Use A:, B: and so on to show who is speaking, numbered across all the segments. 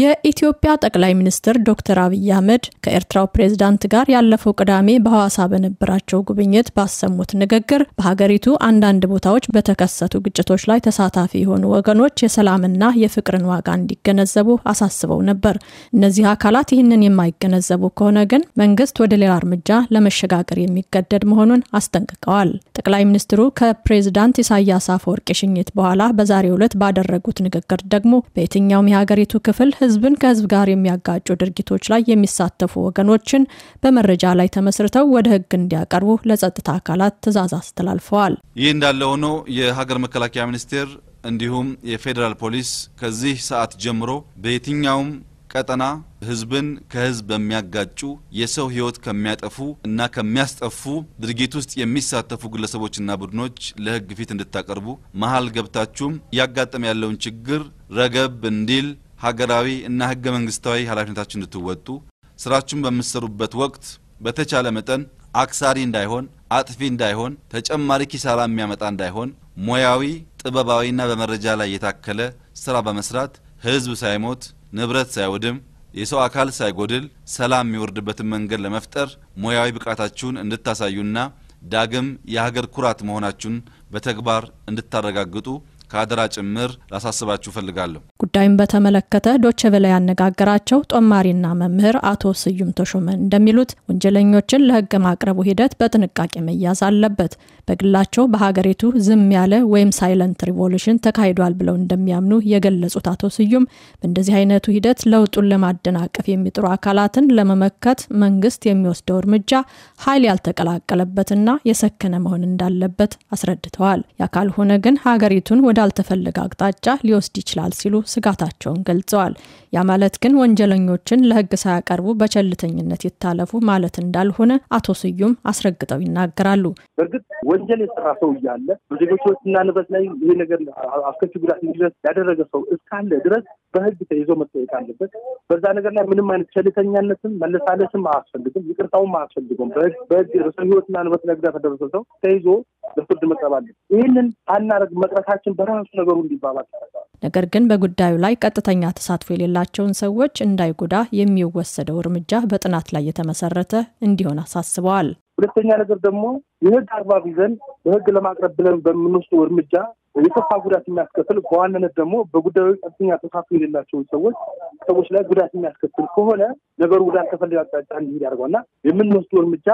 A: የኢትዮጵያ ጠቅላይ ሚኒስትር ዶክተር አብይ አህመድ ከኤርትራው ፕሬዝዳንት ጋር ያለፈው ቅዳሜ በሐዋሳ በነበራቸው ጉብኝት ባሰሙት ንግግር በሀገሪቱ አንዳንድ ቦታዎች በተከሰቱ ግጭቶች ላይ ተሳታፊ የሆኑ ወገኖች የሰላምና የፍቅርን ዋጋ እንዲገነዘቡ አሳስበው ነበር። እነዚህ አካላት ይህንን የማይገነዘቡ ከሆነ ግን መንግስት ወደ ሌላ እርምጃ ለመሸጋገር የሚገደድ መሆኑን አስጠንቅቀዋል። ጠቅላይ ሚኒስትሩ ከፕሬዝዳንት ኢሳያስ አፈወርቅ ሽኝት በኋላ በዛሬው ዕለት ባደረጉት ንግግር ደግሞ በየትኛውም የሀገሪቱ ክፍል ህዝብን ከህዝብ ጋር የሚያጋጩ ድርጊቶች ላይ የሚሳተፉ ወገኖችን በመረጃ ላይ ተመስርተው ወደ ህግ እንዲያቀርቡ ለጸጥታ አካላት ትዕዛዝ አስተላልፈዋል።
B: ይህ እንዳለ ሆኖ የሀገር መከላከያ ሚኒስቴር እንዲሁም የፌዴራል ፖሊስ ከዚህ ሰዓት ጀምሮ በየትኛውም ቀጠና ህዝብን ከህዝብ በሚያጋጩ የሰው ህይወት ከሚያጠፉ እና ከሚያስጠፉ ድርጊት ውስጥ የሚሳተፉ ግለሰቦችና ቡድኖች ለህግ ፊት እንድታቀርቡ መሀል ገብታችሁም እያጋጠመ ያለውን ችግር ረገብ እንዲል ሀገራዊ እና ህገ መንግስታዊ ኃላፊነታችን እንድትወጡ ስራችሁን በምትሰሩበት ወቅት በተቻለ መጠን አክሳሪ እንዳይሆን፣ አጥፊ እንዳይሆን፣ ተጨማሪ ኪሳራ የሚያመጣ እንዳይሆን ሙያዊ ጥበባዊና በመረጃ ላይ የታከለ ስራ በመስራት ህዝብ ሳይሞት ንብረት ሳይወድም የሰው አካል ሳይጎድል ሰላም የሚወርድበትን መንገድ ለመፍጠር ሙያዊ ብቃታችሁን እንድታሳዩና ዳግም የሀገር ኩራት መሆናችሁን በተግባር እንድታረጋግጡ ከአደራ ጭምር ላሳስባችሁ ፈልጋለሁ።
A: ጉዳዩን በተመለከተ ዶቸቨለ ያነጋገራቸው ጦማሪና መምህር አቶ ስዩም ተሾመ እንደሚሉት ወንጀለኞችን ለህግ ማቅረቡ ሂደት በጥንቃቄ መያዝ አለበት። በግላቸው በሀገሪቱ ዝም ያለ ወይም ሳይለንት ሪቮሉሽን ተካሂዷል ብለው እንደሚያምኑ የገለጹት አቶ ስዩም በእንደዚህ አይነቱ ሂደት ለውጡን ለማደናቀፍ የሚጥሩ አካላትን ለመመከት መንግስት የሚወስደው እርምጃ ኃይል ያልተቀላቀለበትና የሰከነ መሆን እንዳለበት አስረድተዋል። ያ ካልሆነ ግን ሀገሪቱን ወደ ወዳልተፈለገ አቅጣጫ ሊወስድ ይችላል ሲሉ ስጋታቸውን ገልጸዋል። ያ ማለት ግን ወንጀለኞችን ለሕግ ሳያቀርቡ በቸልተኝነት ይታለፉ ማለት እንዳልሆነ አቶ ስዩም አስረግጠው ይናገራሉ።
C: በእርግጥ ወንጀል የሰራ ሰው እያለ በዜጎች እና ንብረት ላይ ይህ ነገር አስከፊ ጉዳት እንዲደርስ ያደረገ ሰው እስካለ ድረስ በሕግ ተይዞ መጠየቅ አለበት። በዛ ነገር ላይ ምንም አይነት ቸልተኛነትም መለሳለስም አያስፈልግም፣ ይቅርታውም አያስፈልገም። በሕግ ርዕሰ ሕይወትና ንብረት ላይ ጉዳት ያደረሰ ሰው ተይዞ ለፍርድ መቅረብ አለ። ይህንን አናረግ መቅረታችን በራሱ ነገሩ እንዲባባል ያደርገዋል።
A: ነገር ግን በጉዳዩ ላይ ቀጥተኛ ተሳትፎ የሌላቸውን ሰዎች እንዳይጎዳ የሚወሰደው እርምጃ በጥናት ላይ የተመሰረተ እንዲሆን አሳስበዋል።
C: ሁለተኛ ነገር ደግሞ የህግ አግባብ ይዘን በህግ ለማቅረብ ብለን በምንወስደው እርምጃ የከፋ ጉዳት የሚያስከትል በዋናነት ደግሞ በጉዳዩ ቀጥተኛ ተሳትፎ የሌላቸውን ሰዎች ሰዎች ላይ ጉዳት የሚያስከትል ከሆነ ነገሩ ወዳልተፈለገ አቅጣጫ እንዲሄድ ያደርገዋል እና የምንወስደው እርምጃ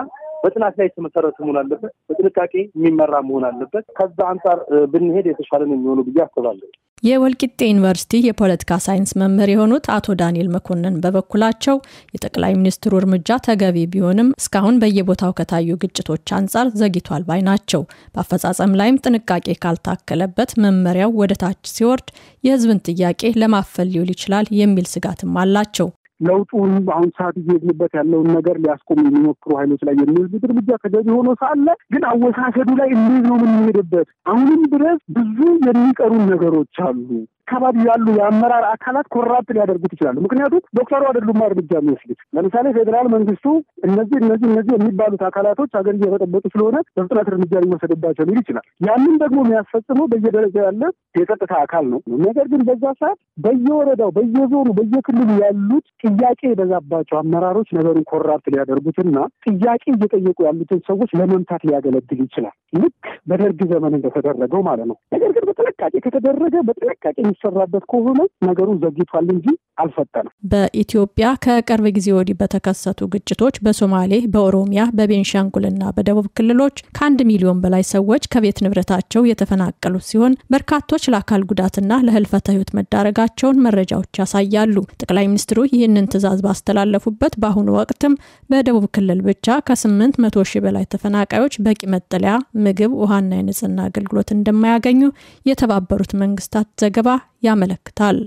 C: በጥናት ላይ የተመሰረተ መሆን አለበት። በጥንቃቄ የሚመራ መሆን አለበት። ከዛ አንጻር ብንሄድ የተሻለ ነው የሚሆኑ ብዬ አስባለሁ።
A: የወልቂጤ ዩኒቨርሲቲ የፖለቲካ ሳይንስ መምህር የሆኑት አቶ ዳንኤል መኮንን በበኩላቸው የጠቅላይ ሚኒስትሩ እርምጃ ተገቢ ቢሆንም እስካሁን በየቦታው ከታዩ ግጭቶች አንጻር ዘግይቷል ባይ ናቸው። በአፈጻጸም ላይም ጥንቃቄ ካልታከለበት መመሪያው ወደ ታች ሲወርድ የሕዝብን ጥያቄ ለማፈል ሊውል ይችላል የሚል ስጋትም አላቸው።
D: ለውጡን በአሁኑ ሰዓት እየሄድንበት ያለውን ነገር ሊያስቆሙ የሚሞክሩ ኃይሎች ላይ የሚወስዱት እርምጃ ተገቢ ሆኖ ሳለ ግን አወሳሰዱ ላይ እንዴት ነው የምንሄድበት? አሁንም ድረስ ብዙ የሚቀሩን ነገሮች አሉ። አካባቢ ያሉ የአመራር አካላት ኮራፕት ሊያደርጉት ይችላሉ። ምክንያቱም ዶክተሩ አይደሉማ እርምጃ የሚወስዱት። ለምሳሌ ፌዴራል መንግስቱ እነዚህ እነዚህ እነዚህ የሚባሉት አካላቶች ሀገር እየበጠበጡ ስለሆነ በፍጥነት እርምጃ ሊወሰድባቸው ሊል ይችላል። ያንን ደግሞ የሚያስፈጽመው በየደረጃ ያለ የጸጥታ አካል ነው። ነገር ግን በዛ ሰዓት በየወረዳው፣ በየዞኑ፣ በየክልሉ ያሉት ጥያቄ የበዛባቸው አመራሮች ነገሩን ኮራፕት ሊያደርጉትና ጥያቄ እየጠየቁ ያሉትን ሰዎች ለመምታት ሊያገለግል ይችላል። ልክ በደርግ ዘመን እንደተደረገው ማለት ነው። ነገር ግን በጥንቃቄ ከተደረገ በጥንቃቄ የሚሰራበት ከሆነ ነገሩ ዘግቷል እንጂ አልፈጠንም።
A: በኢትዮጵያ ከቅርብ ጊዜ ወዲህ በተከሰቱ ግጭቶች በሶማሌ፣ በኦሮሚያ፣ በቤንሻንጉልና በደቡብ ክልሎች ከአንድ ሚሊዮን በላይ ሰዎች ከቤት ንብረታቸው የተፈናቀሉ ሲሆን በርካቶች ለአካል ጉዳትና ለህልፈተ ህይወት መዳረጋቸውን መረጃዎች ያሳያሉ። ጠቅላይ ሚኒስትሩ ይህንን ትዕዛዝ ባስተላለፉበት በአሁኑ ወቅትም በደቡብ ክልል ብቻ ከስምንት መቶ ሺህ በላይ ተፈናቃዮች በቂ መጠለያ፣ ምግብ፣ ውሃና የንጽህና አገልግሎት እንደማያገኙ የተባበሩት መንግስታት ዘገባ ያመለክታል።